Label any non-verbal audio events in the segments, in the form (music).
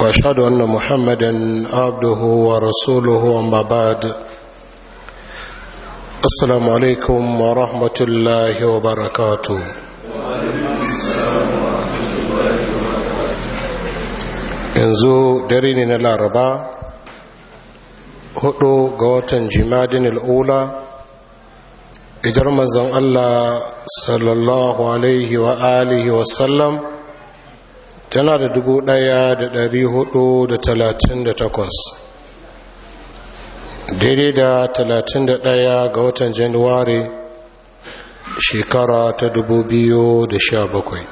واشهد ان محمدا عبده ورسوله اما بعد السلام عليكم ورحمه الله وبركاته yanzu dare ne na laraba hudu ga watan jimadin al'ula ijar manzon allah sallallahu alaihi wa alihi wasallam tana da dubu ɗaya da dari hudu da talatin da takwas daidai da talatin da ɗaya ga watan januwari shekara ta dubu biyu da sha bakwai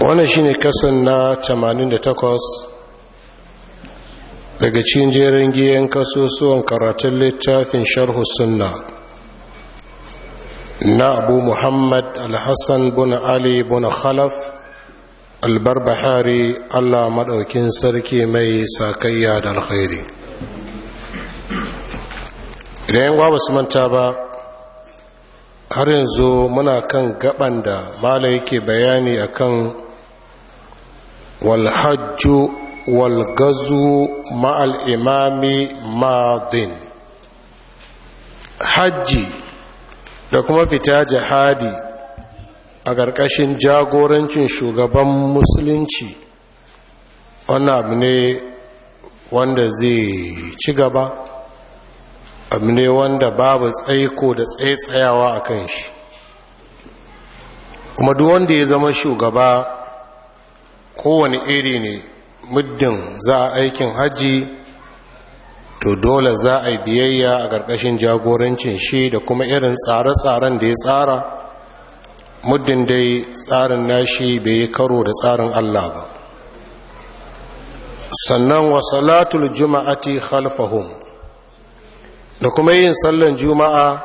wannan shine kasan na tamanin da takwas daga cikin jerin giyan kasusuwan karatun littafin sharhu sunna na abu muhammad alhassan buna ali buna khalaf albarbahari allah maɗaukin sarki mai sakayya da alkhairi idan yan su manta ba har yanzu muna kan gaban da mala yake bayani akan walhajju walgazu ma'al imami madin hajji da kuma fita jihadi a ƙarƙashin jagorancin shugaban musulunci wannan abu ne wanda zai ci gaba abu ne wanda babu tsaiko da tsaitsayawa a kan shi kuma duk wanda ya zama shugaba kowane iri ne muddin za a aikin hajji to dole za a yi biyayya a ƙarƙashin jagorancin shi da kuma irin tsare-tsaren da ya tsara muddin dai tsarin nashi bai yi karo da tsarin Allah ba sannan wa salatul juma'ati khalfahum da kuma yin sallan juma'a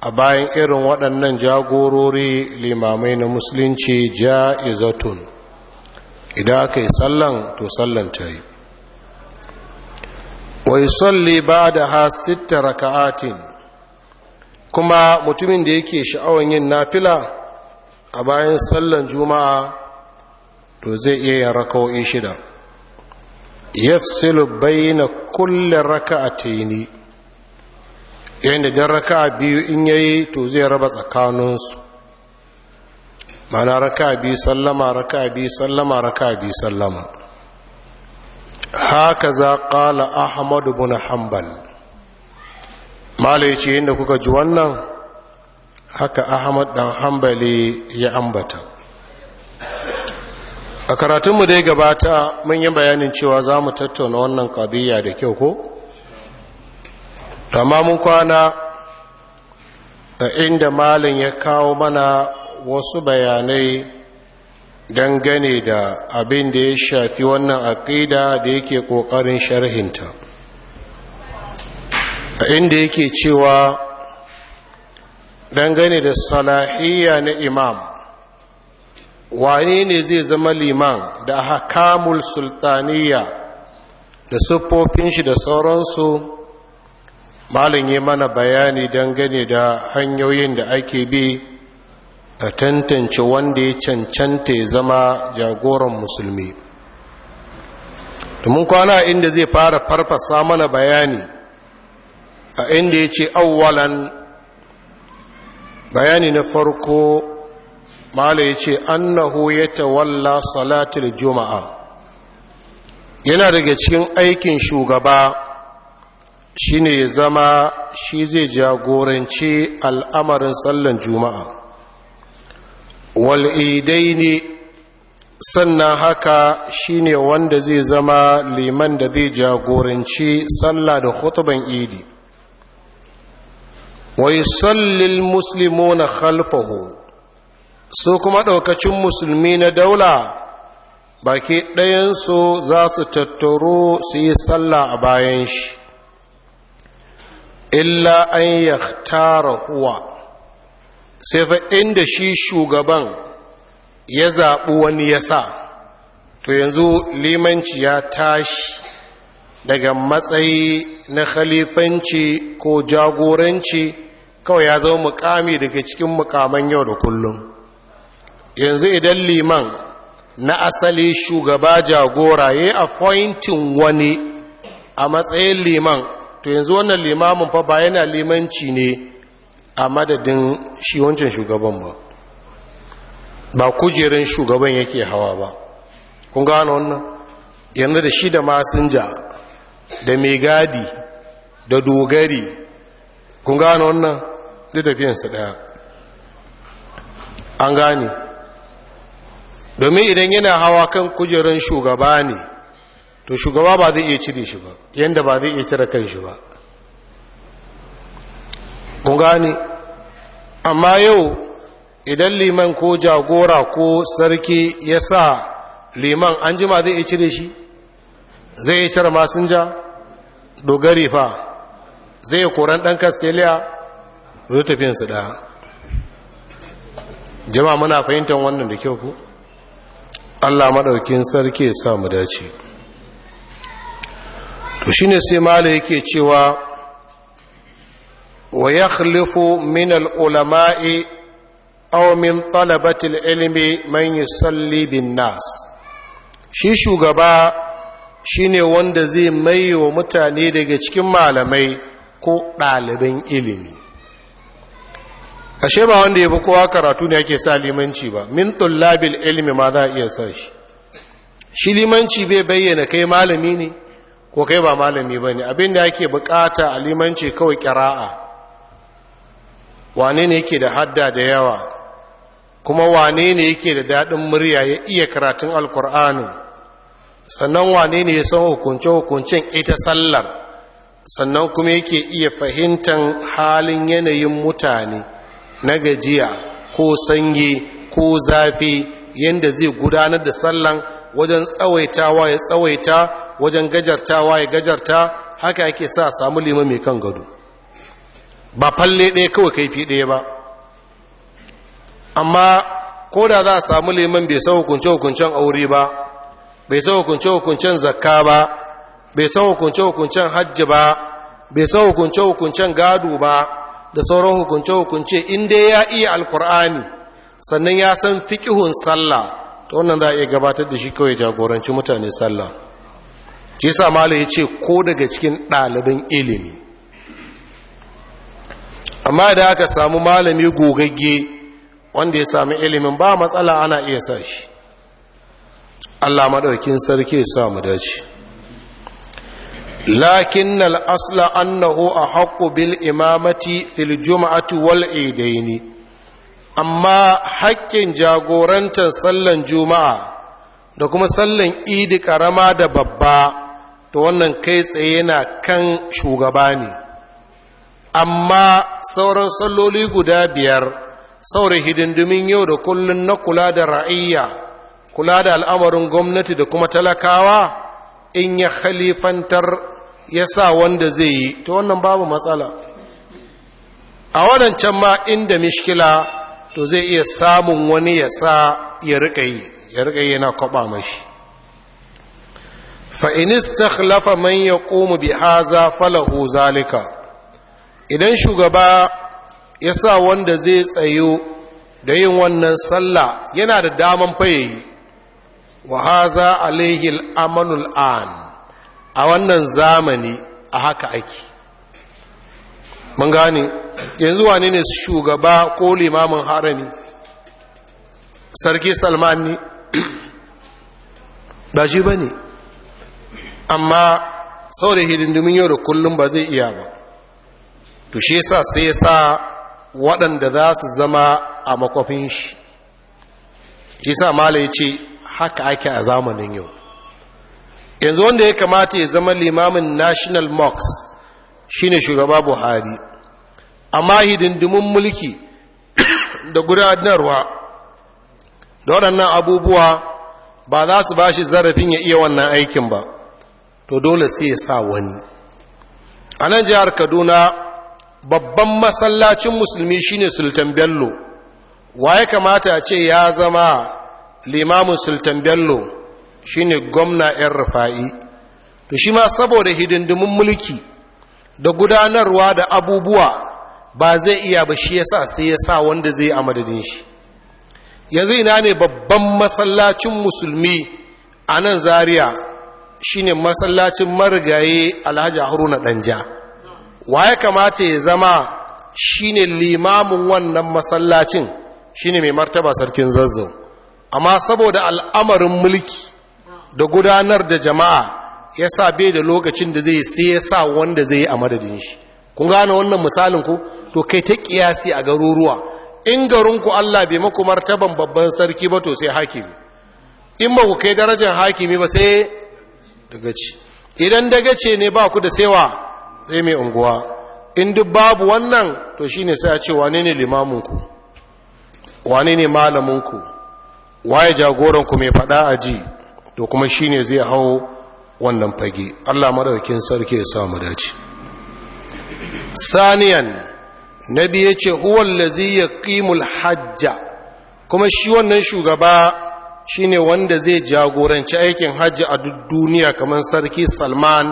a bayan irin waɗannan jagorori limamai na musulunci ja'izatun idan aka yi sallan to sallan ta yi wa yusalli da sitta raka'atin kuma mutumin da yake sha'awan yin nafila a bayan sallan juma'a to zai iya yin raka'o'i shida yafsilu bayna kulli raka'ataini yayin da raka raka'a biyu in yayi to zai raba tsakaninsu mana raka'a biyu sallama raka'a biyu sallama raka'a biyu sallama haka za ƙala ahmadu bin hanbal malai ce yadda kuka ji wannan haka ahmad dan hanbali ya ambata a karatunmu dai gabata mun yi bayanin cewa za mu tattauna wannan ƙadiyya da kyau ko? amma mun kwana a inda malin ya kawo mana wasu bayanai dangane da abin da ya shafi wannan aƙida da yake ƙoƙarin sharhinta a inda yake cewa dangane da salahiyya na imam wane ne zai zama liman da hakamul sultaniya da siffofin shi da sauransu malin yi mana bayani dangane da hanyoyin da ake bi a tantance wanda ya cancanta ya zama jagoran musulmi domin kwana inda zai fara farfasa mana bayani a inda ya ce awwalan bayani na farko mala ya ce annahu ya tawalla salatul juma'a yana daga cikin aikin shugaba shine ya zama shi zai jagoranci al'amarin sallan juma'a wal'idaini sannan haka shine wanda zai zama liman da zai jagoranci sallah da hutuban idi wai sallil musulmi na khalfahu su kuma ɗaukacin musulmi na daula baki ɗayansu za su tattaro su yi sallah a bayan shi illa an yaktara huwa sai fa inda shi shugaban ya zaɓi wani ya sa to yanzu limanci ya tashi daga matsayi na khalifanci ko jagoranci kawai ya zama mukami daga cikin mukaman yau da kullum yanzu idan liman na asali shugaba jagora ya yi appointing wani a matsayin liman to yanzu wannan limamin fa ba yana limanci ne a madadin shi wancan shugaban ba ba kujerin shugaban yake hawa ba kun gano wannan yanzu da shi da masinja da mai gadi da dogari kun gano wannan da tafiyansa daya an gane domin idan yana hawa kan kujerin shugaba ne to shugaba ba zai iya cire shi ba yadda ba zai iya cire kan shi ba kun gane amma yau idan liman ko jagora ko sarki ya sa liman an jima zai ya cire shi zai yi cire masinja dogari fa zai yi koran ɗan castelia zai su ɗaya jama muna fahimtar wannan da kyau ku allah maɗaukin sarki ya mu dace to shine sai mala yake cewa wa من min أو ulamai طلبة العلم من يصلي ilmi شي شغبا bin nas shi shugaba shine wanda zai mai wa mutane daga cikin malamai ko ɗaliban ilimi ashe ba wanda ya fi kowa karatu ne ake sa limanci ba min tullabil ilmi ma za a iya sa shi shi limanci bai bayyana kai malami ne ko kai ba malami ba ne abinda ake bukata a limanci kawai kira'a wane ne yake da hadda da yawa kuma wane ne yake da daɗin murya ya iya karatun alkur'ani sannan wane ne ya san hukunce-hukuncen ita sallar sannan kuma yake iya fahimtar halin yanayin mutane na gajiya ko sanyi ko zafi yadda zai gudanar da sallan wajen tsawaitawa ya tsawaita wajen gajartawa ya gajarta haka yake sa samu lima mai kan gado ba falle ɗaya kawai kaifi ɗaya ba amma ko da za a samu liman bai san hukunce-hukuncen aure ba bai san hukunce-hukuncen zakka ba bai san hukunce-hukuncen hajji ba bai san hukunce-hukuncen gado ba da sauran hukunce-hukunce dai ya iya alkur'ani sannan ya san fikihun sallah ta wannan za a iya gabatar da shi kawai jagoranci mutane sallah ce sa ya ce ko daga cikin ɗaliban ilimi amma da aka samu malami gogagge wanda ya sami ilimin ba matsala ana iya sa shi Allah maɗaukin sarki ya sa mu dace lakin al'asla annahu a haƙƙo bil imamati fil juma'atu wal idaini amma haƙƙin jagorantar sallan juma'a da kuma sallan idi ƙarama da babba da wannan kai tsaye na kan shugaba ne amma sauran salloli guda biyar saura hidindimin yau da kullum na kula da ra'ayya kula da al'amarin gwamnati da kuma talakawa in ya khalifantar ya sa wanda zai yi ta wannan babu matsala a wadancan ma inda mishkila to zai iya samun wani ya sa ya riƙa ya riƙa yana kwaba mashi fa'inista ta man ya ƙomu bi haza falahu zalika idan shugaba ya sa wanda zai tsayo da yin wannan sallah yana da daman fayayi wa haza alaihi al'amanul an a wannan zamani a haka ake mun gane yanzu wane ne shugaba ko limamin harami sarki salman ne ba shi ba ne amma sau da hidindumin yau da kullum ba zai iya ba Tushe sa sai ya sa waɗanda za su zama a makwafin shi shi sa mala ya ce haka ake a zamanin yau yanzu wanda ya kamata ya zama limamin national mox shine shugaba buhari amma hidindimin mulki (coughs) da gudanarwa da waɗannan abubuwa ba za su ba shi zarafin ya iya wannan aikin ba to dole sai ya sa wani a nan jihar kaduna babban masallacin musulmi shine sultan bello wa ya kamata a ce ya zama limamin sultan bello shine gwamna yan rufa'i to shi ma saboda hidindimin mulki da gudanarwa da abubuwa ba zai iya ba shi yasa sai ya sa wanda zai a madadin shi yanzu ina ne babban masallacin musulmi a nan zaria shine masallacin marigaye alhaji haruna danja wa ya kamata ya zama shi ne limamin wannan masallacin ne mai martaba sarkin zazzau amma saboda al'amarin mulki da gudanar da jama'a ya sa bai da lokacin da zai sai ya sa wanda zai yi a madadin shi kun gane wannan misalin ku to kai ta kiyasi a garuruwa in garinku Allah bai maku martaban babban sarki ba to sai hakimi in ba ku kai darajar hakimi ba sai dagaci idan dagace ne ba ku da saiwa sai mai unguwa in duk babu wannan to shi ne sai a ce wane ne limaminku wane ne malaminku waye jagoranku mai fada a ji to kuma shi ne zai hau wannan fage Allah madaukakin sarki ya samu dace saniyan ce yace huwal ya yaqimul hajja kuma shi wannan shugaba shi ne wanda zai jagoranci aikin hajji a duk duniya kamar sarki salman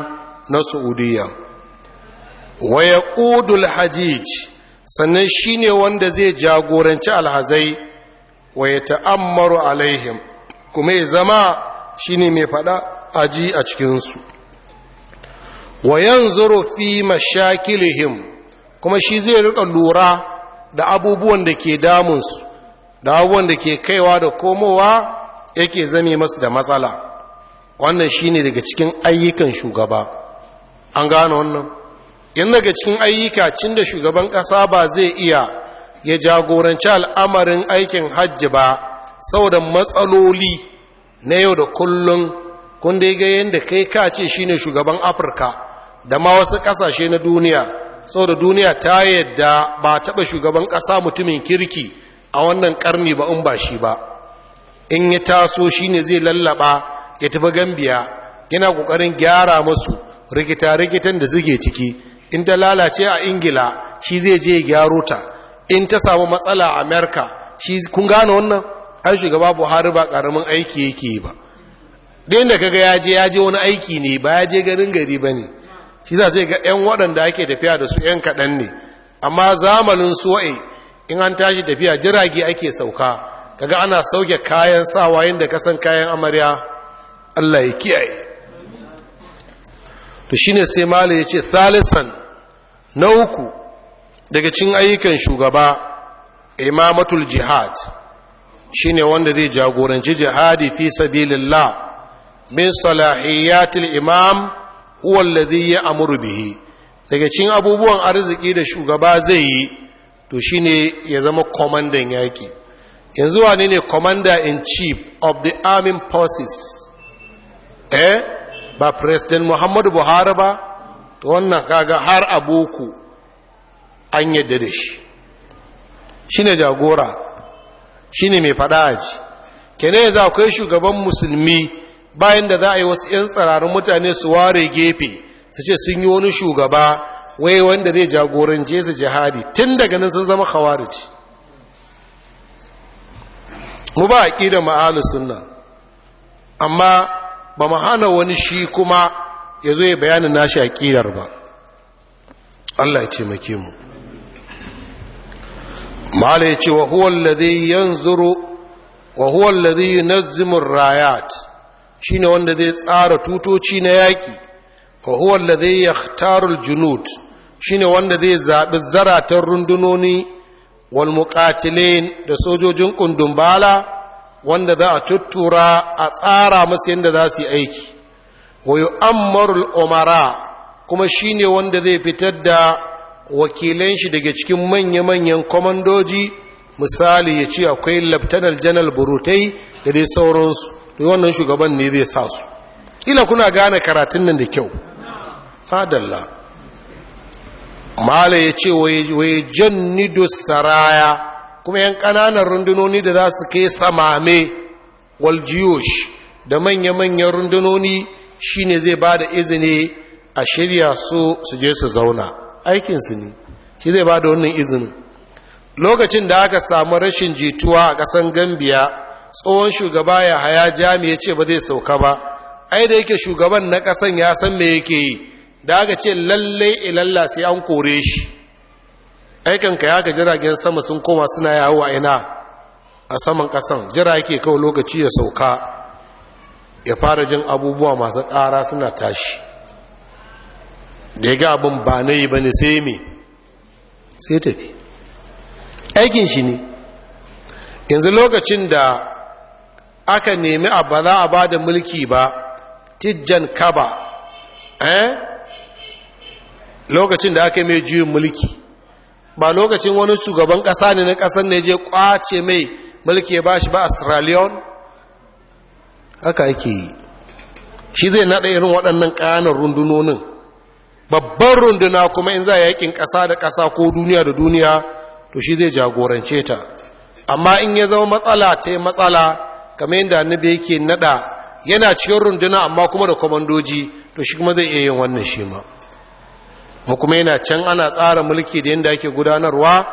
na saudiya wa yaqudul hajij sannan shi ne wanda zai jagoranci alhazai wa ta'ammaru alaihim kuma ya zama shi ne mai fada aji a cikin su wa yan fi mashakilihim kuma shi zai riƙa lura da abubuwan da ke damunsu da abubuwan da ke kaiwa da komowa yake zame masu da matsala wannan shi ne daga cikin ayyukan shugaba an gane wannan yanzu daga cikin ayyuka cin da shugaban ƙasa ba zai iya ya jagoranci al'amarin aikin hajji ba saboda matsaloli na yau da kullum kun dai ga yadda kai ka ce ne shugaban afirka da ma wasu ƙasashe na duniya saboda duniya ta yadda ba taɓa shugaban ƙasa mutumin kirki a wannan ƙarni ba in ba shi ba in ya taso shi ne zai lallaɓa ya tafi gambiya yana ƙoƙarin gyara musu rikita-rikitan da suke ciki in ta lalace a ingila shi zai je gyaro ta in ta samu matsala a amerika shi kun gane wannan har shugaba buhari ba karamin aiki yake ba ɗin da kaga ya je ya je wani aiki ne ba ya je ganin gari ba ne shi za sai ga 'yan waɗanda ake tafiya da su 'yan kaɗan ne amma zamanin suwa'i in an tashi tafiya jirage ake sauka kaga ana sauke kayan sawa da kasan kayan amarya allah ya kiyaye to shine sai malu ya ce thalisan na uku daga cin ayyukan shugaba imamatul jihad shine wanda zai jagoranci jihadi fi sabilillah min salahiyatil imam huwa alladhi ya'muru bihi daga cin abubuwan arziki da shugaba zai yi to shine ya zama komandan yaki yanzu wane ne commander in chief of the army forces eh ba president muhammadu buhari ba to wannan kaga har aboku an yadda da shi Shi ne jagora shi ne mai fada aji kene ku akwai shugaban musulmi bayan da za a yi wasu 'yan tsararin mutane su ware gefe su ce sun yi wani shugaba wai wanda zai jagoran jesu jihadi tun daga nan sun zama khawarij mu ba a ƙi da ma'alu amma ba mu hana wani shi kuma ya zo ya bayanin nashi aƙidar ba Allah ya taimake mu mala ya ce wa huwa alladhi yanzuru wa huwa alladhi yunazzimu ar-rayat shine wanda zai tsara tutoci na yaki wa huwa alladhi yakhtaru al-junud shine wanda zai zaɓi zaratan rundunoni wal muqatilin da sojojin kundumbala wanda za a tuttura a tsara musu yadda za su yi aiki wa yu'ammarul umara kuma shine wanda zai fitar da wakilan shi daga cikin manya-manyan komandoji misali ya ce akwai laftanar janar burutai da dai sauransu da wannan shugaban ne zai sa su ila kuna gane karatun nan da kyau fadalla mala ya ce wai nido saraya kuma yan ƙananan rundunoni da za su kai samame waljiyosh da manya-manyan rundunoni shine zai ba da izini a shirya su su je su zauna aikinsu ne shi zai ba da wannan izinin lokacin da aka samu rashin jituwa a ƙasan gambiya tsohon shugaba ya haya jami ya ce ba zai sauka ba ai da yake shugaban na ƙasan ya san me yake yi da aka ce lallai ilalla sai an kore shi aikanka ya ga jiragen sama sun koma suna yawo a ina a saman ƙasan jira yake kawai lokaci ya sauka ya fara jin abubuwa masu ƙara suna tashi da ya ga abin ba na yi ba ne sai mai sai tafi aikin shi ne yanzu lokacin da aka nemi a baza a ba da mulki ba tijjan kaba eh lokacin da aka yi mai juyin mulki ba lokacin wani shugaban ƙasa ne na ƙasar ne je ƙwace mai mulki ya ba shi ba a sierra leone haka yake yi shi zai naɗa irin waɗannan ƙananan rundunonin babban runduna kuma in za a yakin ƙasa da ƙasa ko duniya da duniya to shi zai jagorance ta amma in ya zama matsala ta yi matsala kama yadda annabi yake naɗa yana cikin runduna amma kuma da kwamandoji to shi kuma zai iya yin wannan shi ma kuma yana can ana tsara mulki da yadda ake gudanarwa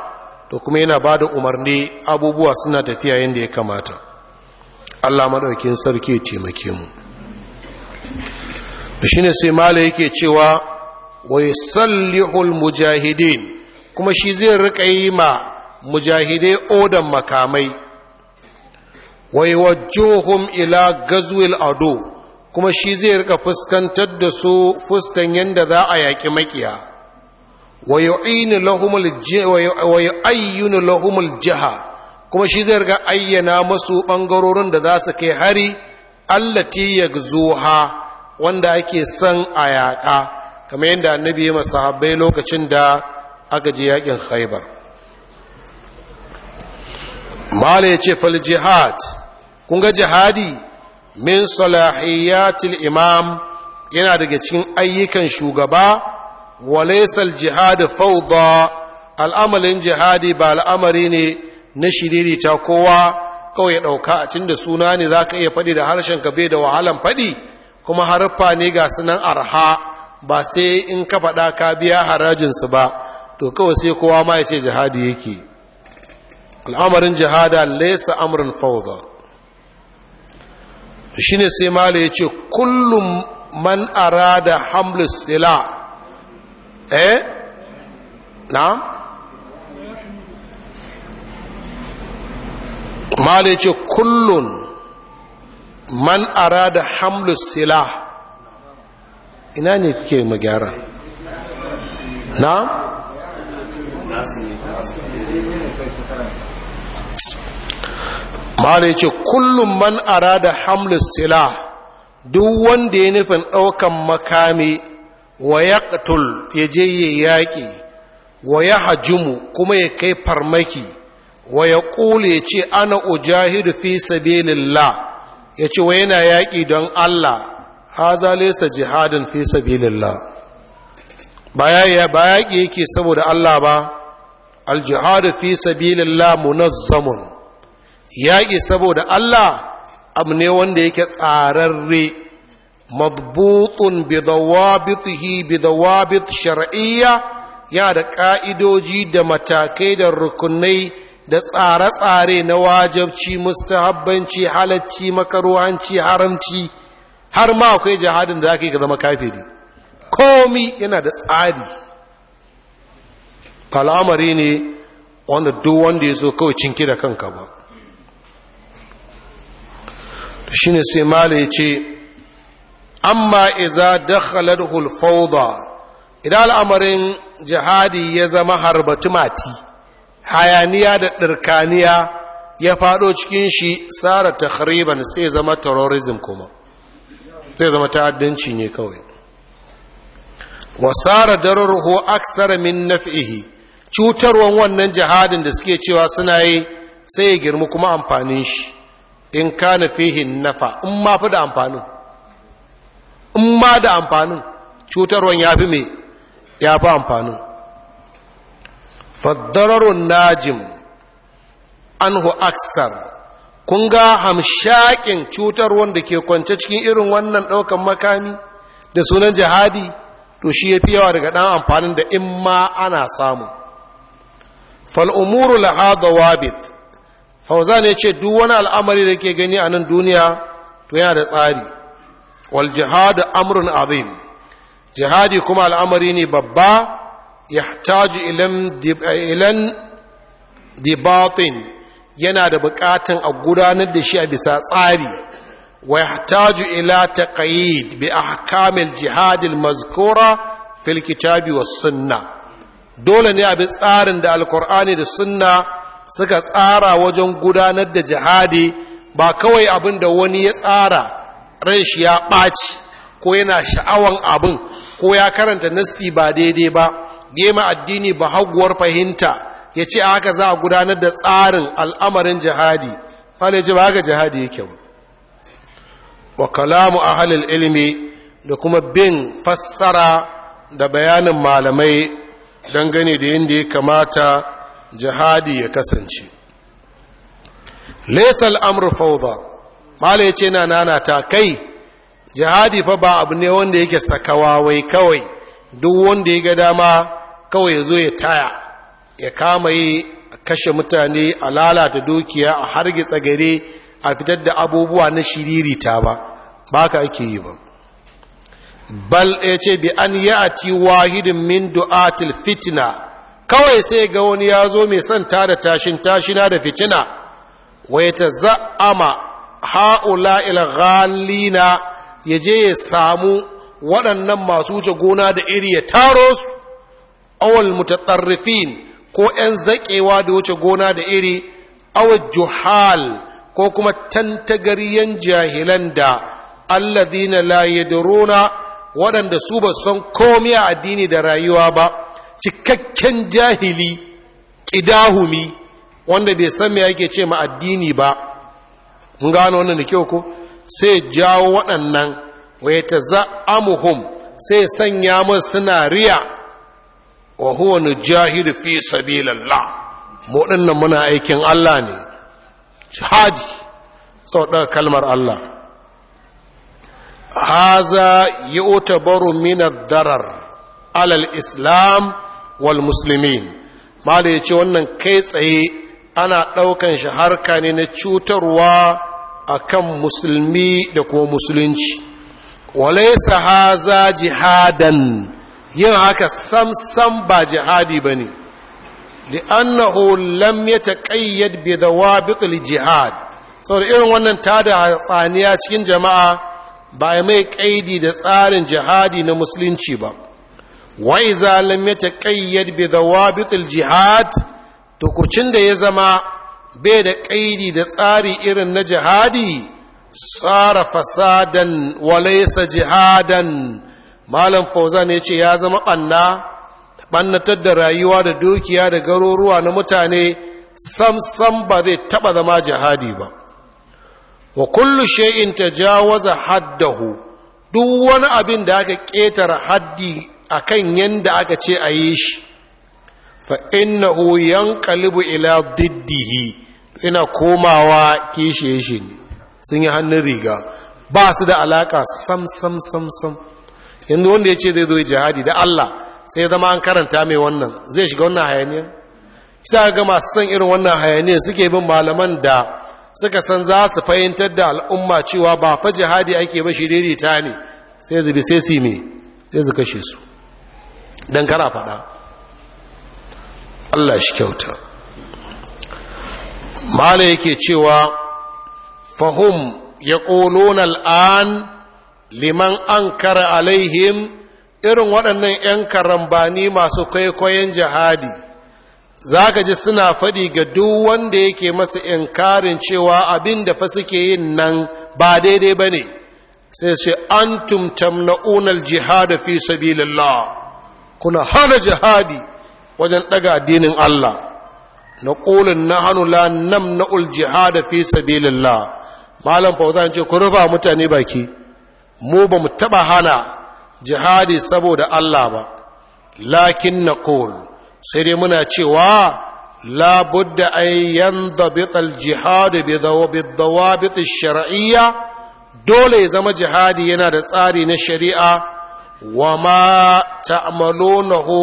to kuma yana ba da umarni abubuwa suna tafiya yadda ya kamata Allah madaukin sarki taimake mu shine sai mala yake cewa wa yusallihul mujahidin kuma shi zai rika yi ma mujahide odan makamai wa yuwajjuhum ila gazwil Ado kuma shi zai rika fuskantar da su fuskan yanda za a yaki makiya wa ayyuna lahumul jiha wa lahumul jiha kuma shi zai riga ayyana masu ɓangarorin da za su kai hari allati ya zuha wanda ake san a yaƙa kamar yadda annabi ya masahabbai lokacin da aka ji yaƙin haibar mala ya ce fal jihad kun ga jihadi min salahiyatil imam yana daga cikin ayyukan shugaba walaisal jihad fawda al'amalin jihadi ba al'amari ne na shiririta kowa kawai ya ɗauka a cin da suna ne za ka iya faɗi da harshen ka bai da wahalan faɗi kuma haruffa ne ga sunan arha ba sai in ka faɗa ka biya harajinsu ba to kawai sai kowa ma ya ce jihadi yake al'amarin jihada laisa amrin fauza shi ne sai mala ya ce kullum man da hamlus sila eh na mala ce kullun man arada hamlus sila ina ne kuke magyara na? mala ce kullum man arada hamlus sila duk wanda ya nufin ɗaukan makami wa ya ya je ya yaƙi wa ya hajumu kuma ya kai farmaki wa ya ƙule ya ce ana ujahidu fi sabilillah ya ce wa yana yaƙi don Allah haza sa jihadin fi sabilillah ba yaƙi yake saboda Allah ba aljihadu fi sabilillah munazzamun yaƙi saboda Allah abu ne wanda yake tsararre madbutun bi bidawabit shar'iyya ya da ƙa'idoji da matakai da rukunai da tsare-tsare na wajabci mustahabbanci halacci makaruhanci haramci har ma akwai jihadin da aka yi ka zama kafiri komi yana da tsari al'amari ne wanda duk wanda ya zo kawai cinki da kanka ba shi ne sai mala ya ce amma iza dakhalar hulfauda idan al'amarin jihadi ya zama harbatumati mati hayaniya da ɗirkaniya ya faɗo cikin shi tsara takhriban sai zama terrorism kuma sai zama ta'addanci ne kawai wasara darurhu aksara min naf'ihi cutarwan wannan jihadin da suke cewa suna yi sai ya girma kuma amfanin shi in kana fihi nafa in ma fi da amfanin in ma da amfanin cutarwan ya fi mai ya fi amfanin فالضرر najim anhu aksar kun ga hamshakin cutar da ke kwance cikin irin wannan ɗaukan makami da sunan jihadi to shi ya fi yawa daga ɗan amfanin da in ma ana samu fal'umuru lahada wabit fauza ne ce duk wani al'amari da ke gani a nan duniya to yana da tsari wal jihadu amrun azim jihadi kuma al'amari ne babba yahtaju ilan dibatin yana da bukatan a gudanar da shi a bisa tsari wa yahtaju ila taqayid bi ahkamil jihad al mazkura fil kitabi was dole ne a bi tsarin da alkur'ani da sunna suka tsara wajen gudanar da jihadi ba kawai abin da wani ya tsara ran shi ya ɓaci ko yana sha'awan abin ko ya karanta nassi ba daidai ba gema addini ba haguwar fahimta ya ce haka za a gudanar da tsarin al'amarin jihadi ya ce ba haka jihadi yake ba wa kalamu a halin ilimi da kuma bin fassara da bayanin malamai dangane da yadda ya kamata jihadi ya kasance lesal amur fauda malai ce na nana ta kai jihadi fa ba abu ne wanda yake sakawa wai kawai duk wanda ya ga dama kawai ya zo ya taya ya kama yi kashe mutane a lalata dukiya a harge tsagare a fitar da abubuwa na shiririta ba ba ka ake yi ba bal ya ce bi an yi a ti wahidin min du'atil fitina kawai sai ga wani ya zo mai san tada tashin tashina da fitina wai ta za'ama ha'ula ilghalina ya je ya samu waɗannan masu wuce gona da iri ya taro su awal mutatarrifin ko 'yan zaƙewa da wuce gona da iri awal juhal ko kuma tantagariyan jahilan da alladhina la yadruna waɗanda su ba san komai a addini da rayuwa ba cikakken jahili ƙidahumi wanda bai san me yake ce ma addini ba mun gano wannan da kyau ko sai jawo waɗannan wa za'amuhum sai sanya masu suna riya wa huwa nujahidu fi sabilillah mu dinnan muna aikin Allah ne jihad sau da kalmar Allah haza yu'tabaru min ad-darar alal islam wal muslimin mala yace wannan kai tsaye ana daukan shi harka ne na cutarwa akan musulmi da kuma musulunci walaysa haza jihadan yin haka samsam ba jihadi ba ne li'annahu lam ya taƙayyad bi da wabiƙul jihad saboda irin wannan tada hatsaniya cikin jama'a ba mai ƙaidi da tsarin jihadi na musulunci ba wai za lam ya taƙayyad bi da wabiƙul jihad tukucin da ya zama bai da ƙaidi da tsari irin na jihadi tsara fasadan walaisa jihadan malam fauzan ya ce ya zama ɓanna ɓannatar da rayuwa da dukiya da garuruwa na mutane sam-sam ba zai taɓa zama jihadi ba wa kullu shay'in tajawaza haddahu duk wani abin da aka ƙetare haddi a kan yanda aka ce a yi shi fa innahu yanqalibu ila diddihi ina komawa kishi shi ne sun yi hannun riga ba su da alaƙa sam sam sam sam yanzu wanda ya ce zai zo jihadi da Allah sai ya zama an karanta mai wannan zai shiga wannan hayaniyar kisa ga masu san irin wannan hayaniya suke bin malaman da suka san za su fahimtar da al'umma cewa ba fa jihadi ake ba shi ta ne sai zubi sai su me sai su kashe su don kana faɗa Allah shi kyauta mala yake cewa fahim ya ƙolon al'an liman ankara alaihim irin waɗannan 'yan karambani masu kwaikwayon jihadi za ka ji suna faɗi ga duk wanda yake masa inkarin cewa abin da fa suke yin nan ba daidai ba ne sai ce an tumtam na'unar jihada fi sabilillah kuna hana jihadi wajen ɗaga addinin Allah na ƙulin na hannu la nam na'ul jihada fi sabilillah malam fauta ce ku rufa mutane baki mu ba mu taɓa hana jihadi saboda Allah ba lakin na sai dai muna cewa labudda an yanda bi jihadu bidawabit shar'iyya dole ya zama jihadi yana da tsari na shari'a wa ma ta'malunahu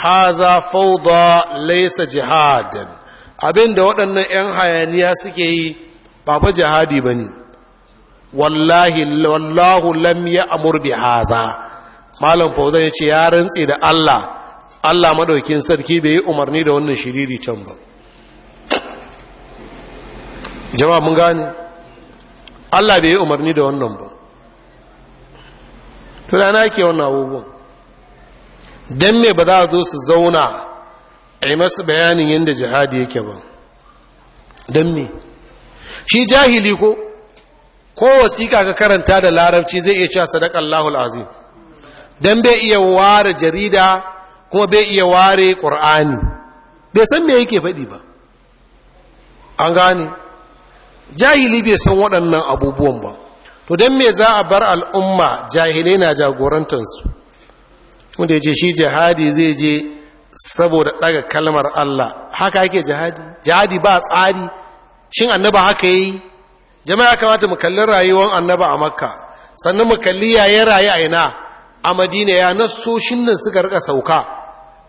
haza fawda laysa jihadan abinda waɗannan 'yan hayaniya suke yi ba jihadi bane wallahi wallahu lam ya'mur bi haza malam ya yace ya rantsi da Allah Allah madaukin sarki bai yi umarni da wannan shiriri can ba (coughs) jama'a mun gane Allah bai yi umarni da wannan ba to na ke wannan abubuwan dan me ba za a zo su zauna a yi masu bayanin yadda jihadi yake ba dan me shi jahili ko ko wasiƙa ka karanta da larabci zai iya cewa lahul azim dan bai iya ware jarida ko bai iya ware ƙur'ani. bai san me yake faɗi ba an gane jahili bai san waɗannan abubuwan ba to dan me za a bar al'umma jahilai na jagorantarsu wanda ya ce shi jihadi zai je saboda ɗaga kalmar Allah haka yake jihadi jihadi ba tsari shin annaba haka yi jama'a kamata mu kalli rayuwar annaba a makka sannan mu kalli yi raye a ina a madina ya nasoshin nan suka rika sauka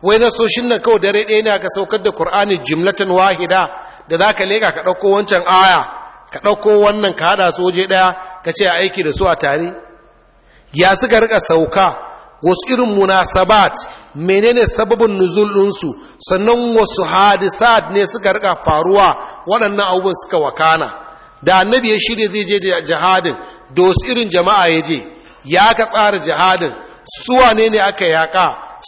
wai nasoshin nan kawai dare ɗaya ne aka saukar da qur'ani jimlatan wahida da za ka leka ka ɗauko wancan aya ka ɗauko wannan ka haɗa su waje ɗaya ka ce aiki da su a tare ya suka rika sauka wasu irin munasabat menene sababin nuzul ɗinsu sannan wasu hadisat ne suka rika faruwa waɗannan abubuwan suka wakana da annabi ya shirya zai je jihadin da wasu irin jama'a ya je ya ka tsara jihadin su ne ne aka yaƙa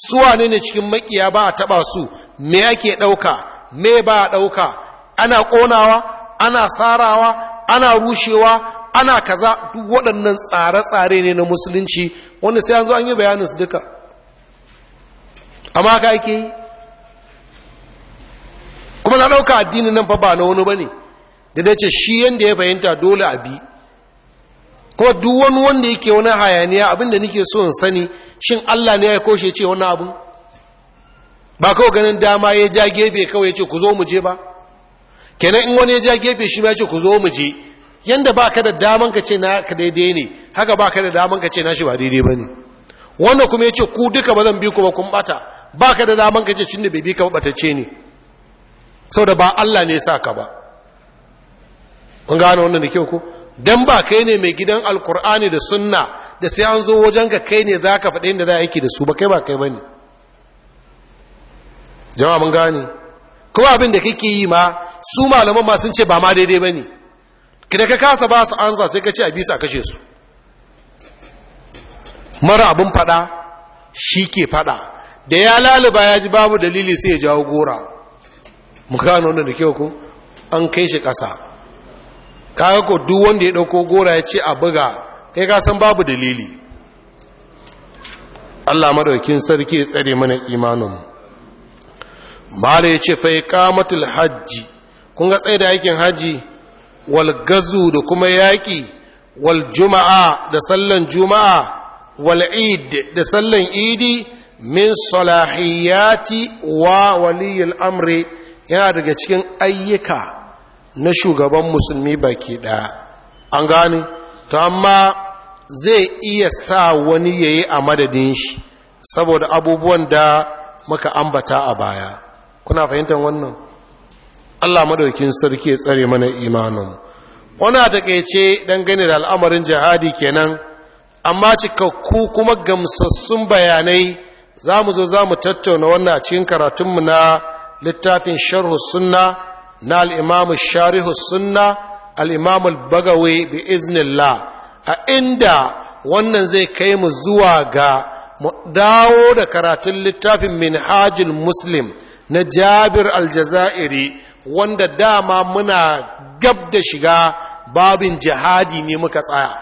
su ne ne cikin makiya ba a taɓa su me ake ɗauka me ba a ɗauka ana ƙonawa ana sarawa ana rushewa ana kaza duk waɗannan tsare-tsare ne na musulunci wanda sai an zo an yi bayanin su duka amma ka ake yi kuma na ɗauka addinin nan fa ba na wani ba ne da dai ce shi yadda ya fahimta dole a bi kuma duk wani wanda yake wani hayaniya abinda nake so in sani shin Allah ne ya koshe ce wani abu ba kawai ganin dama ya ja gefe kawai ya ce ku zo mu je ba kenan in wani ya ja gefe shi ma ya ce ku zo mu je yanda ba ka da daman ka ce na ka daidai ne haka ba ka da daman ka ce na shi ba daidai ba ne wannan kuma ya ce ku duka ba zan bi ku ba kun bata ba ka da daman ka ce shi ne bai bi ka batacce ne sau ba Allah ne sa ka ba mun gane wannan da kyau ko dan ba kai ne mai gidan alkur'ani da sunna da sai an zo wajen ka kai ne zaka faɗi inda za a aiki da su ba kai ba kai bane jama'a mun gane kuma abin da kake yi ma su malaman ma sun ce ba ma daidai bane kida ka kasa ba su ansa sai ka ce a bisa kashe su mara abin faɗa shi ke faɗa da ya laliba ya ji babu dalili sai ya jawo gora mu gano wannan da kyau ko an kai shi ƙasa kaga ko duk wanda ya dauko gora ya ce a buga kai ka san babu dalili Allah madaukin sarki ya tsare mana imanin mu mala ya ce fa iqamatul hajji kun ga tsaye da yakin haji wal gazu da kuma yaki wal juma'a da sallan juma'a wal eid da sallan idi min salahiyati wa waliyil amri yana daga cikin ayyuka na shugaban musulmi baki ɗaya an gane to amma zai iya sa wani ya yi a madadin shi saboda abubuwan da muka ambata a baya kuna fahimtar wannan allah madaukin sarki ya tsare mana imanin wani a takaice dangane da al'amarin jihadi kenan amma cikakku kuma gamsassun bayanai za mu zo za mu tattauna wannan cikin karatunmu na littafin sharhu sunna na al'imamu sharihu sunna al'imamu bagawe bi iznillah a inda wannan zai kai mu zuwa ga mu dawo da karatun littafin minhajil muslim na jabir aljazairi wanda dama muna gab da shiga babin jihadi ne muka tsaya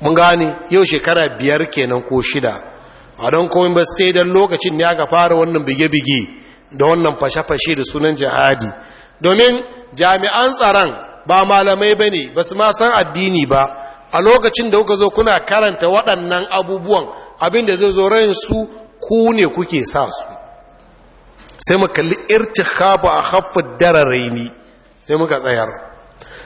mun gane yau shekara biyar kenan ko shida a don kowin ba sai don lokacin ne aka fara wannan bige-bige da wannan fashe-fashe da sunan jihadi domin jami'an tsaron ba malamai ba ne ba su ma san addini ba a lokacin da kuka zo kuna karanta waɗannan abubuwan abin da zai zo su ku ne kuke sa su sai mu kalli irtikhabu a haffar raini, sai muka tsayar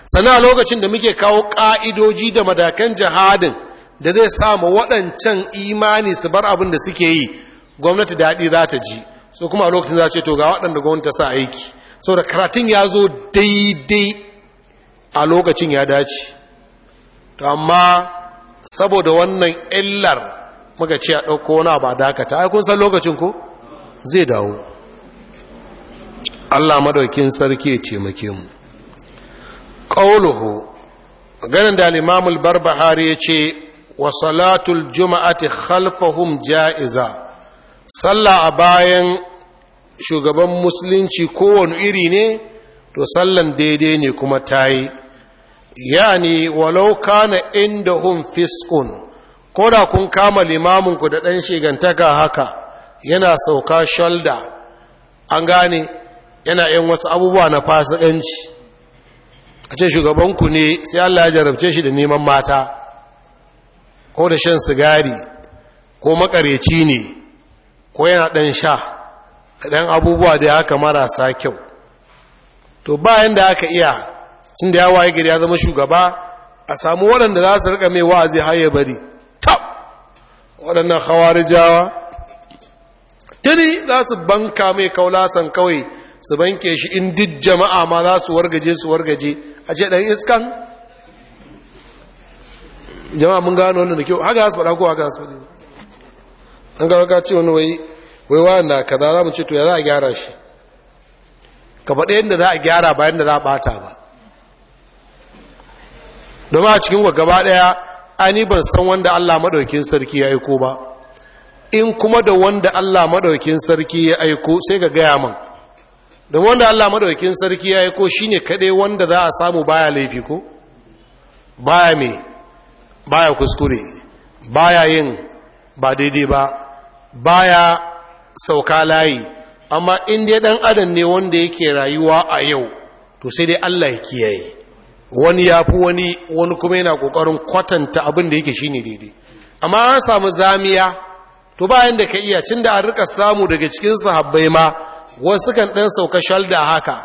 sana lokacin da muke kawo ƙa'idoji da madakan jihadin da zai samu waɗancan imani su bar abin da suke yi gwamnati daɗi za ta ji so kuma a lokacin za a ce to ga waɗanda gwamnati sa aiki saboda karatun ya zo daidai a lokacin ya dace to amma saboda wannan illar muka ce a ɗauko wani ba dakata ai kun san lokacin ko zai dawo Allah madaukin sarki ya taimake mu qauluhu ganin da al-Imam al-Barbahari yace wa salatul juma'ati khalfahum ja'iza sallah a bayan shugaban musulunci kowane iri ne to sallan daidai ne kuma ta yi yani walau kana inda hun fiskun ko da kun kama limaminku da ɗan shigantaka haka yana sauka shalda an gane yana yin wasu abubuwa na fasikanci a ce shugabanku ne sai allah ya jarabce shi da neman mata ko da shan sigari ko makareci ne ko yana ɗan sha da ɗan abubuwa da haka marasa kyau to bayan da aka iya cin da ya waye gari ya zama shugaba a samu waɗanda za su riƙa mai wa'azi har ya bari tab waɗannan jawa tuni za su banka mai kaulasan kawai su banke shi in duk jama'a ma za su wargaje su wargaje a ce ɗan iskan jama'a mun gano wannan da kyau haka za su faɗa ko haka za su faɗi an ga ka ce wani wai wai wa na kaza za mu ce to ya za a gyara shi ka faɗe yadda za a gyara bayan da za a ɓata ba domin a cikin gaba ɗaya ani ban san wanda allah maɗaukin sarki ya aiko ba in kuma da wanda allah maɗaukin sarki ya aiko sai ka gaya man domin wanda allah maɗaukin sarki ya aiko shine kaɗai wanda za a samu baya laifi ko baya me baya kuskure baya yin ba daidai ba baya sauka layi amma in dai ɗan adam ne wanda yake rayuwa a yau to sai dai Allah ya kiyaye wani ya fi wani wani kuma yana kokarin kwatanta abin da yake shine daidai amma an samu zamiya to bayan da ka iya cin da an rika samu daga cikin sahabbai ma wasu kan ɗan sauka shalda haka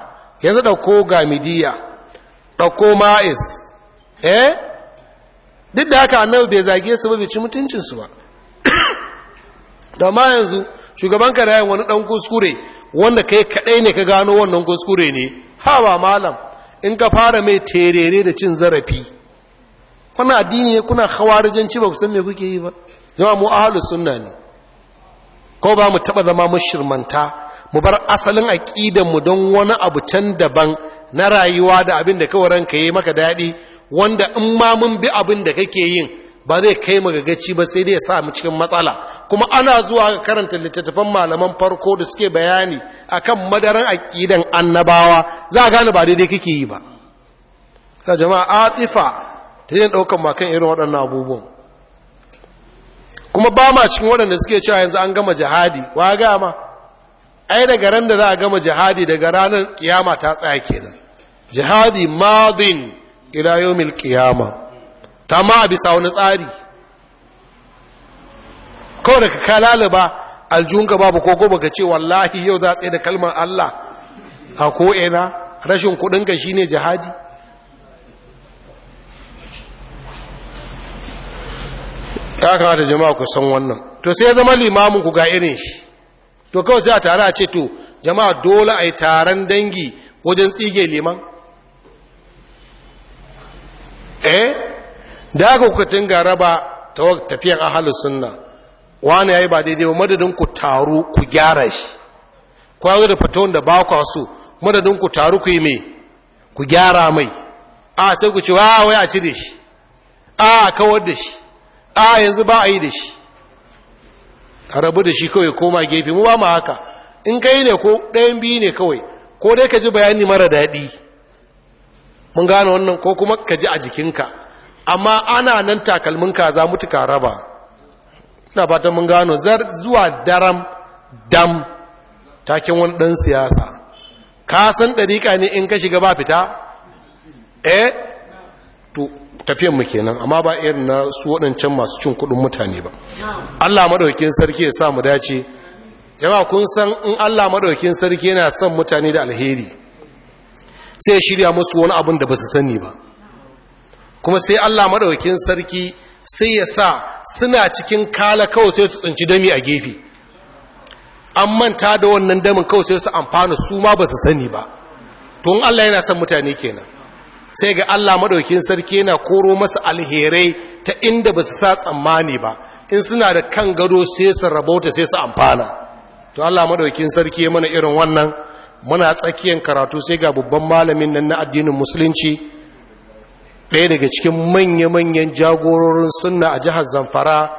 yanzu ɗauko gamidiya ɗauko ma'is eh duk da haka amel bai zage su ba bai ci mutuncin ba da ma yanzu ka da wani dan kuskure wanda kai kaɗai ne ka gano wannan kuskure ne ba malam in ka fara mai terere da cin zarafi kuna addini ne kuna hawarijanci ba ku san me kuke yi ba Jam'a mu ahlus sunna ne ko ba mu taba zama mushirmanta mu bar asalin mu don wani abu can daban na rayuwa da abin da kawai ranka yi maka daɗi wanda in ma mun bi abin da kake yin ba zai kai magagaci ba sai dai ya sa mu cikin matsala kuma ana zuwa ga karanta littattafan malaman farko da suke bayani akan madaran aqidan annabawa za a gane ba daidai kake yi ba sa jama'a atifa ta yin daukan makan irin waɗannan abubuwan kuma ba ma cikin waɗanda suke cewa yanzu an gama jihadi wa ga ai daga ran da za a gama jihadi daga ranar kiyama ta tsaya kenan jihadi madin ila yawmil ta ma bisa wani tsari kawai da ka lalaba aljihunka babu ko gobe ka ce wallahi yau za tsaye da kalmar Allah a ko'ina rashin kudinka shi ne jihadi ya kamata jama'a ku san wannan to sai zama limamin ku ga irin shi to kawai sai a tare a ce to jama'a dole a yi taron dangi wajen tsige liman eh da aka kuka dinga raba tafiyan ahalus sunna wani yi ba daidai madadin ku taru ku gyara shi ku da faton da ba kwa so madadin ku taru ku yi mai ku gyara mai a sai ku ci wa wai a da shi a kawar da shi a yanzu ba a yi da shi a rabu da shi kawai koma gefe mu ba mu haka in kai ne ko ɗayan biyu ne kawai ko dai ka ji bayani mara daɗi mun gane wannan ko kuma ka ji a jikinka amma ana nan takalmin kaza mutu ka raba ina fatan mun gano zuwa daram dam takin wani ɗan siyasa ka san ɗariƙa ne in ka shiga ba fita eh to tafiyan mu kenan amma ba irin na su waɗancan masu cin kuɗin mutane ba Allah maɗaukin sarki ya sa mu dace jama kun san in Allah maɗaukin sarki yana son mutane da alheri sai ya shirya musu wani abin da ba su sani ba kuma sai Allah maɗaukin sarki sai ya sa suna cikin kala kawai sai su tsinci dami a gefe an manta da wannan damin kawai sai su amfana su ma ba su sani ba tun Allah yana son mutane kenan sai ga Allah maɗaukin sarki yana koro masa alherai ta inda ba su sa tsammani ba in suna da kan gado sai su rabauta sai su amfana to Allah maɗaukin sarki ya mana irin wannan muna tsakiyar karatu sai ga babban malamin nan na addinin musulunci ɗaya daga cikin manya-manyan jagororin sunna a jihar zamfara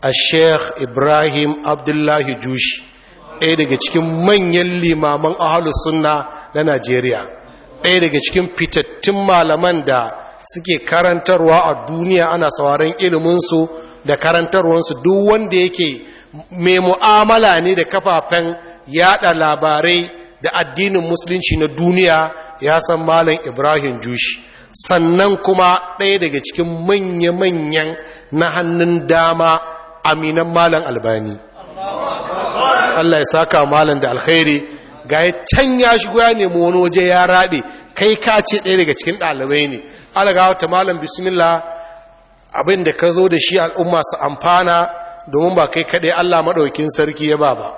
a sheikh ibrahim abdullahi jushi ɗaya daga cikin manyan limaman ahalu sunna na najeriya ɗaya daga cikin fitattun malaman da suke karantarwa a duniya ana sauran iliminsu da karantarwansu duk wanda yake mai mu'amala ne da kafafen yada labarai da addinin musulunci na duniya ya san malam ibrahim jushi sannan kuma ɗaya daga cikin manya-manyan na hannun dama aminan malan albani Allah ya saka malan da alkhairi ga ya can ya shigo ya nemi wani waje ya raɗe kai ka ce ɗaya daga cikin ɗalibai ne alaga wata malan bismillah abin da ka zo da shi al'umma su amfana domin ba kai kaɗai Allah maɗaukin sarki ya ba ba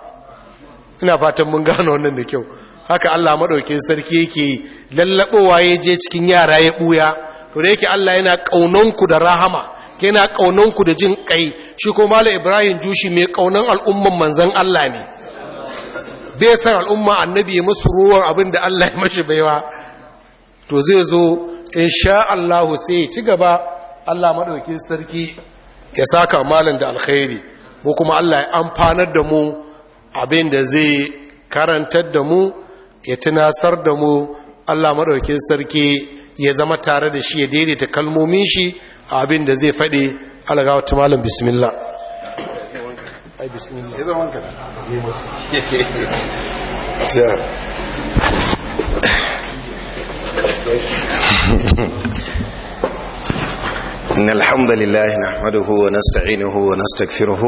ina fatan mun gano wannan da kyau haka Allah maɗaukin sarki yake lallaɓowa ya je cikin yara ya ɓuya. to da yake Allah yana ƙaunanku da rahama yana ƙaunanku da jin ƙai. shi ko malam Ibrahim Jushi mai kaunan al'umman manzan Allah ne bai san al'umma annabi ya masu ruwan abin da Allah ya mashi baiwa to zai zo insha Allah sai ci gaba Allah maɗaukin sarki ya saka malam da alkhairi ko kuma Allah ya amfanar da mu abin da zai karantar da mu ya tunasar da mu Allah maɗaukin sarki ya zama tare da shi ya daidaita kalmomin shi a abin da zai faɗi alagawa ta malam bismillah ai bismillah ya zama wanka (laughs) إن الحمد لله نحمده ونستعينه ونستغفره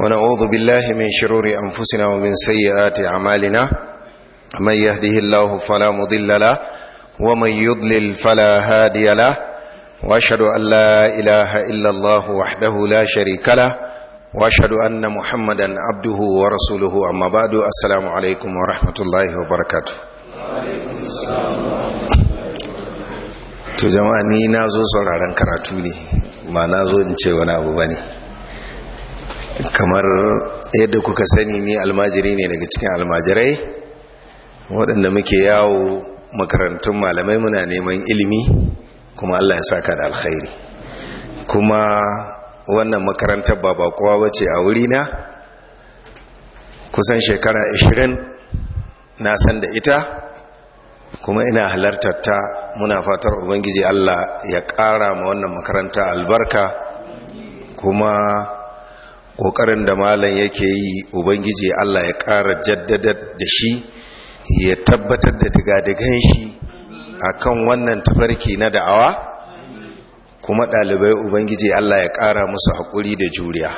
ونعوذ بالله من شرور أنفسنا ومن سيئات أعمالنا من يهده الله فلا مضل له ومن يضلل فلا هادي له واشهد ان لا اله الا الله وحده لا شريك له واشهد ان محمدا عبده ورسوله اما بعد السلام عليكم ورحمه الله وبركاته to jama'a ni na zo sauraron karatu ne ma na zo in ce wani abu ba ne kamar yadda kuka sani ni almajiri ne daga cikin almajirai waɗanda muke yawo makarantun malamai muna neman ilimi kuma Allah ya saka da alkhairi kuma wannan makarantar ba kowa bace a wuri na kusan shekara 20 na san da ita kuma ina halartar ta muna fatar ubangiji Allah ya ƙara ma wannan makaranta albarka kuma ƙoƙarin da malam yake yi ubangiji Allah ya ƙara jaddadar da shi ya tabbatar da digadigan shi akan wannan tafarki na da'awa kuma ɗalibai ubangiji Allah ya ƙara musu haƙuri da juriya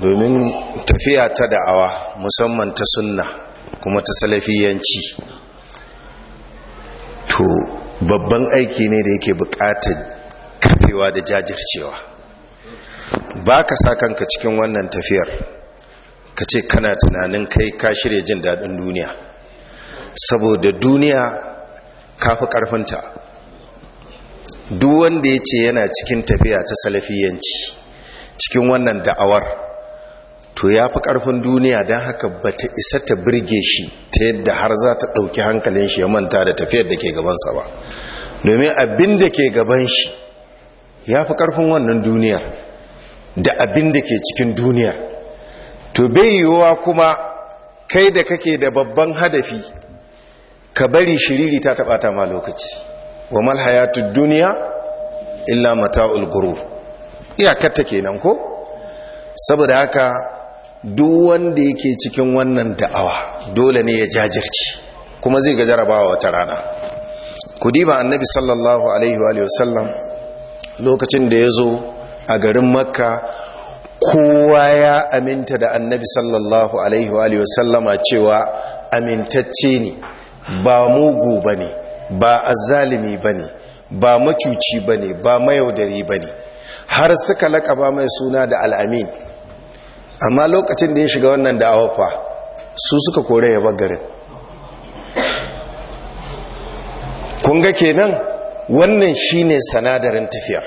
domin tafiya ta da'awa musamman ta sunna kuma ta salafiyanci to babban aiki ne da yake buƙatar kafewa da jajircewa ba ka sa kanka cikin wannan tafiyar ka ce kana tunanin kai ka shirya jin daɗin duniya saboda duniya ka fi ƙarfinta duk wanda ya ce yana cikin tafiya ta salafiyanci cikin wannan da'awar to ya fi ƙarfin duniya don haka ba ta isa ta birge shi ta yadda har za ta ɗauki hankalin shi ya manta da tafiyar da ke gabansa ba domin abin da ke gaban shi ya fi ƙarfin wannan duniyar da abin da ke cikin duniyar to bai yiwuwa kuma kai da kake da babban hadafi ka bari shiriri ta ta ma lokaci wa mal hayatud duniya illa mata'ul gurur iyakar ta kenan ko saboda haka duk wanda yake cikin wannan da'awa dole ne ya jajirci kuma zai ga jarabawa wata rana ku diba annabi sallallahu alaihi wa sallam lokacin da ya zo a garin makka kowa ya aminta da annabi sallallahu alaihi wa sallama cewa amintacce ne ba mugu ba ne ba azalimi ba ne ba macuci ba ne ba mayaudari ba ne har suka laƙaba mai suna da al'amin amma lokacin da ya shiga wannan da fa su suka kore ya bagarin kunga kenan wannan shine sanadarin tafiyar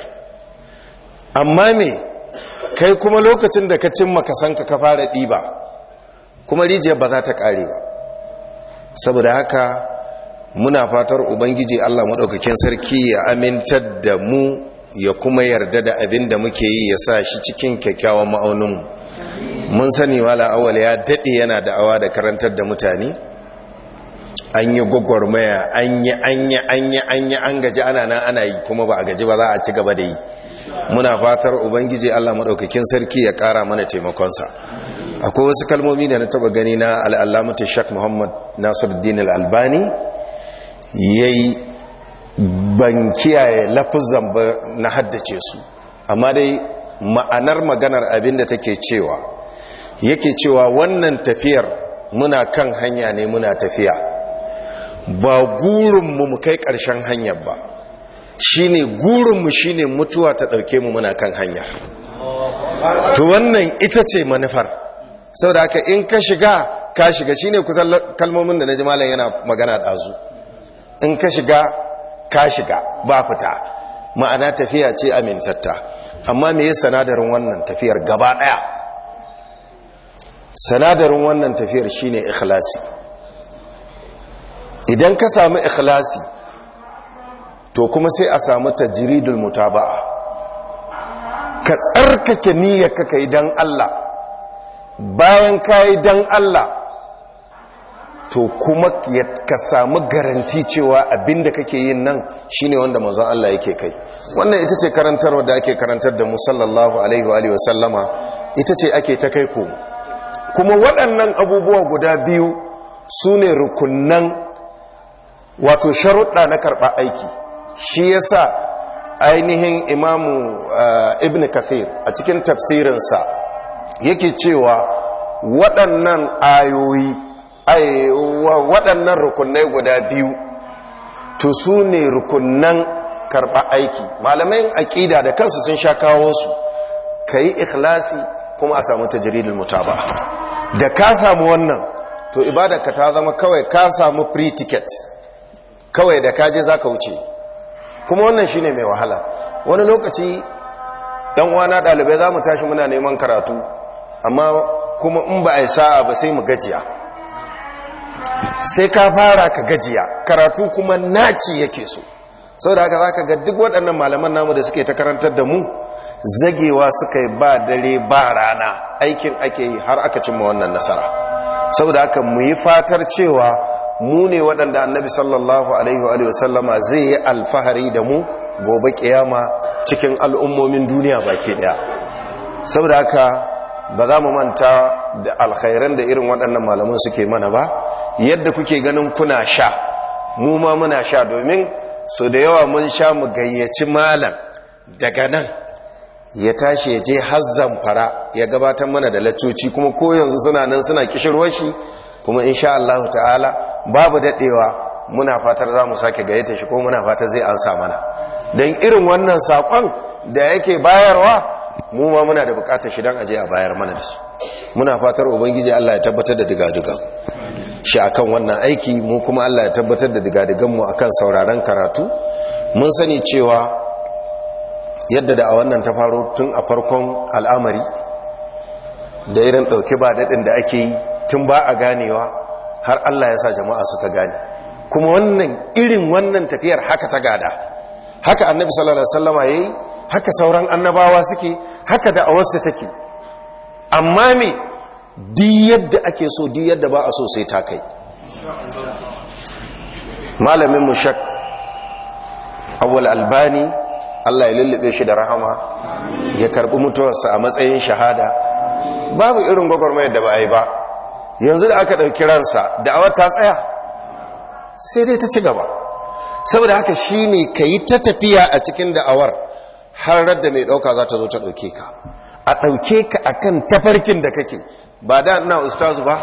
amma me kai kuma lokacin da ka cimma ka san ka fara ɗiba kuma rijiyar ba za ta ƙare ba saboda haka muna fatar ubangiji allah maɗaukakin sarki ya amintar da mu ya kuma yarda da abin da muke yi ya sa shi cikin kyakkyawan ma'auninmu mun sani wala awal ya daɗe yana da awa da karantar da mutane an yi gwagwarmaya an yi an yi an yi an yi an gaji ana nan ana yi kuma ba a gaji ba za a ci gaba da yi muna fatar ubangiji Allah madaukakin sarki ya ƙara mana taimakonsa akwai wasu kalmomi da na taɓa gani na al'alamatu shak muhammad nasiruddin al-albani yayi ban kiyaye ba na haddace su amma dai ma'anar maganar abin da take cewa yake cewa wannan tafiyar muna kan hanya ne muna tafiya ba gurinmu mu kai ƙarshen hanyar ba shine gurinmu shine mutuwa ta ɗauke mu muna kan hanyar to wannan ita ce manufar saboda haka in ka shiga ka shiga shine kusan kalmomin da na ji malam yana magana ɗazu in ka shiga ka shiga ba fita ma'ana tafiya ce amintatta amma me ya sanadarin wannan tafiyar gaba ɗaya sanadarin wannan tafiyar shine ikhlasi idan ka samu ikhlasi to kuma sai a samu tajiridul mutaba'a ka tsarkake niyyar ka kai dan Allah bayan kai dan Allah to kuma ka samu garanti cewa abinda kake yin nan shine wanda manzon Allah yake kai wannan ita ce karantarwa da ake karantar da mu sallallahu alaihi wa alihi wasallama ita ce ake ta kai ko kuma waɗannan abubuwa guda biyu sune rukunnan wato sharuɗa na karɓa aiki shi ya sa ainihin imamu eh, ibn kathir a cikin tafsirinsa yake cewa waɗannan ayoyi waɗannan rukunai guda biyu to su ne rukunan karɓa aiki malamai aƙida da kansu sun sha kawo su ka yi ikhlasi kuma a samu tajiridin mutaba da ka samu wannan to ka ta zama kawai ka samu free ticket kawai da ka je za ka wuce kuma wannan shine mai wahala wani lokaci dan uwana ɗalibai, za mu tashi muna neman karatu amma kuma in ba a yi sa'a ba sai mu gajiya sai ka fara ka gajiya karatu kuma naci yake so sau da haka za ka ga duk waɗannan malaman namu da suke ta karantar da mu zagewa suka yi ba dare ba rana aikin ake yi har aka cimma wannan nasara sau da haka mu yi fatar cewa mu ne waɗanda annabi sallallahu alaihi wa sallama zai yi alfahari da mu gobe kiyama cikin al'ummomin duniya baki ɗaya saboda haka ba za mu manta da alkhairan da irin waɗannan malaman suke mana ba yadda kuke ganin kuna sha mu ma muna sha domin so da yawa mun sha mu gayyaci malam daga nan ya tashi ya je hazzan fara ya gabatar mana da laccoci kuma ko yanzu suna nan suna kishirwa shi kuma insha Allah ta'ala babu daɗewa muna fatar za mu sake gayyata shi ko muna fatar zai ansa mana don irin wannan saƙon da yake bayarwa mu ma muna da buƙatar shi don aje a bayar mana da su muna fatar ubangiji Allah ya tabbatar da digadigan shi akan wannan aiki mu kuma Allah ya tabbatar da digadigan mu akan sauraron karatu mun sani cewa yadda da a wannan ta faro tun a farkon al'amari da irin ɗauki ba daɗin da ake yi tun ba a ganewa har Allah ya sa jama'a suka gane kuma wannan irin wannan tafiyar haka ta gada haka annabi sallallahu alaihi wasallama yayi haka sauran annabawa suke haka da awarsu take amma me di yadda ake so di yadda ba a so sai ta kai malamin mu shak awwal albani Allah ya lullube shi da rahama ya karbi mutuwarsa a matsayin shahada babu irin gwagwarmayar da ba a yi ba yanzu da aka ɗauki ransa da'awar ta tsaya sai dai ta ci gaba saboda haka shi ne ka yi ta tafiya a cikin da'awar har radda mai ɗauka za ta zo ta ɗauke ka a ɗauke ka a kan tafarkin da kake ba da ina ustazu ba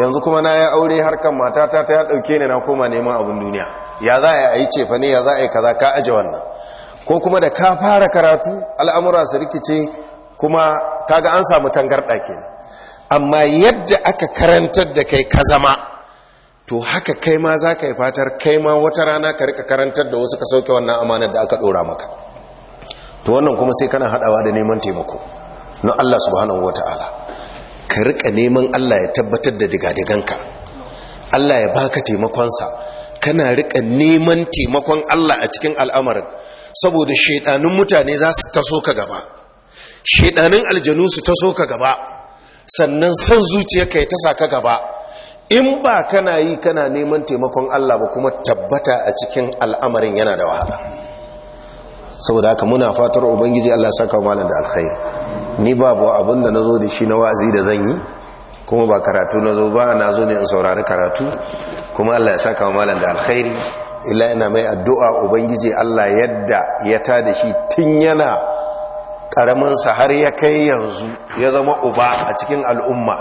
yanzu kuma na ya aure harkar matata ta ya ɗauke ni na koma neman abin duniya ya za a yi cefa ne ya za a yi kaza ka aje wannan ko kuma da ka fara karatu al'amura su rikice kuma ga an samu tangarɗa kenan amma yadda aka karantar da kai ka zama to haka kai ma za ka yi fatar kai ma wata rana ka rika karantar da wasu ka sauke wannan amanar da aka ɗora maka to wannan kuma sai kana haɗawa da neman taimako na Allah subhanahu wa ta'ala ka rika neman Allah ya tabbatar da digadiganka Allah ya baka taimakonsa kana rika neman taimakon Allah a cikin al'amarin saboda shaidanin mutane za su taso ka gaba shaidanin aljanu su taso ka gaba sannan son kai ta sa ka gaba in ba kana yi kana neman taimakon Allah ba kuma tabbata a cikin al'amarin yana da wahala saboda haka muna fatar ubangiji Allah saka malam da alkhairi ni babu abin da nazo da shi na wazi da zan yi kuma ba karatu nazo ba nazo ne in saurari karatu kuma Allah ya saka malam da alkhairi illa ina mai addu'a ubangiji Allah yadda ya tada shi tun yana sa har ya kai yanzu ya zama uba a cikin al'umma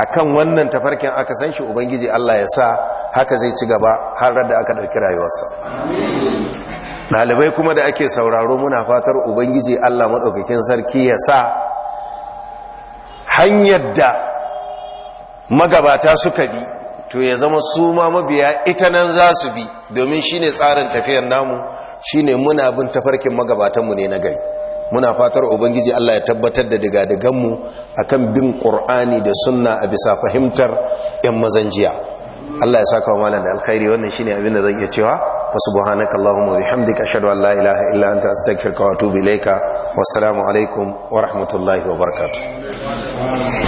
akan wannan tafarkin aka san shi ubangiji Allah ya sa haka zai ci gaba har da aka ɗauki rayuwarsa ɗalibai kuma da ake sauraro muna fatar ubangiji Allah maɗaukakin sarki ya sa hanyar da magabata suka bi to ya zama su ma mabiya ita nan za su bi domin shine tsarin tafiyar namu shine muna bin tafarkin magabatanmu ne na gari muna fatar ubangiji Allah ya tabbatar da digadiganmu akan bin qur'ani da sunna a bisa fahimtar yan mazanjiya Allah ya saka wa malam da alkhairi wannan shine abin da zan iya cewa fa subhanakallahumma wa bihamdika ashhadu an la ilaha illa anta astaghfiruka wa atubu ilaika salamu alaikum wa rahmatullahi wa